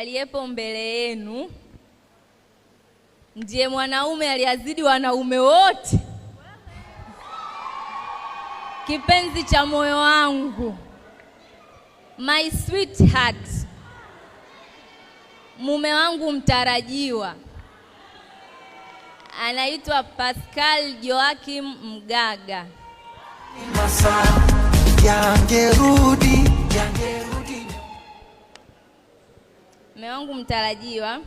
aliyepo mbele yenu ndiye mwanaume aliyazidi wanaume wote, kipenzi cha moyo wangu, my sweetheart, mume wangu mtarajiwa, anaitwa Pascal Joachim Mgaga. yangerudi yangerudi Mume wangu mtarajiwa,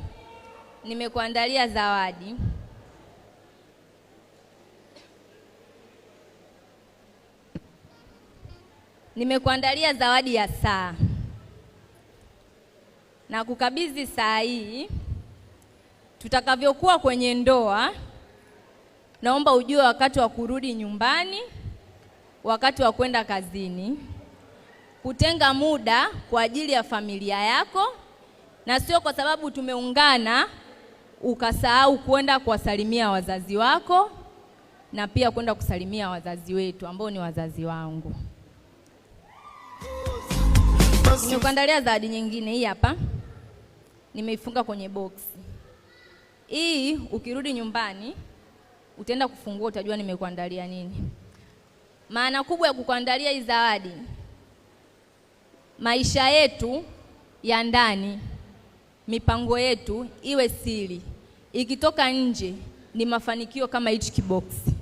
nimekuandalia zawadi. Nimekuandalia zawadi ya saa na kukabidhi saa hii. Tutakavyokuwa kwenye ndoa, naomba ujue wakati wa kurudi nyumbani, wakati wa kwenda kazini, kutenga muda kwa ajili ya familia yako na sio kwa sababu tumeungana ukasahau kwenda kuwasalimia wazazi wako na pia kwenda kusalimia wazazi wetu ambao ni wazazi wangu. Nimekuandalia zawadi nyingine, hii hapa nimeifunga kwenye boksi hii. Ukirudi nyumbani utaenda kufungua, utajua nimekuandalia nini. Maana kubwa ya kukuandalia hii zawadi, maisha yetu ya ndani mipango yetu iwe siri, ikitoka nje ni mafanikio kama hichi kiboksi.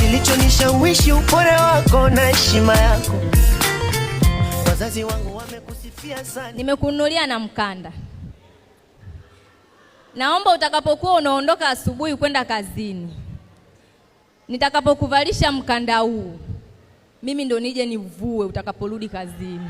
Kilichonishawishi upole wako na heshima yako, wazazi wangu wamekusifia sana. Nimekununulia na mkanda, naomba utakapokuwa unaondoka asubuhi kwenda kazini, nitakapokuvalisha mkanda huu mimi ndo nije nivue utakaporudi kazini.